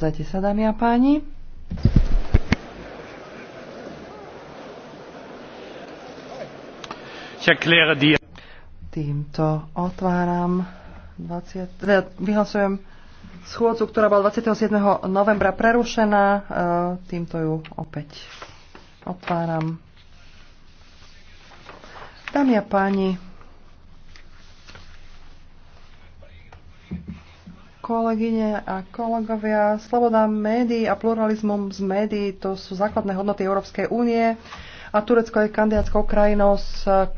Zajte sa, dámy a páni. Týmto otváram 20, eh, vyhlasujem schôdzu, ktorá bola 27. novembra prerušená. Eh, týmto ju opäť otváram. Dámy a páni, Kolegyne a kolegovia, sloboda médií a pluralizmom z médií to sú základné hodnoty Európskej únie a Turecko je kandidátskou krajinou, s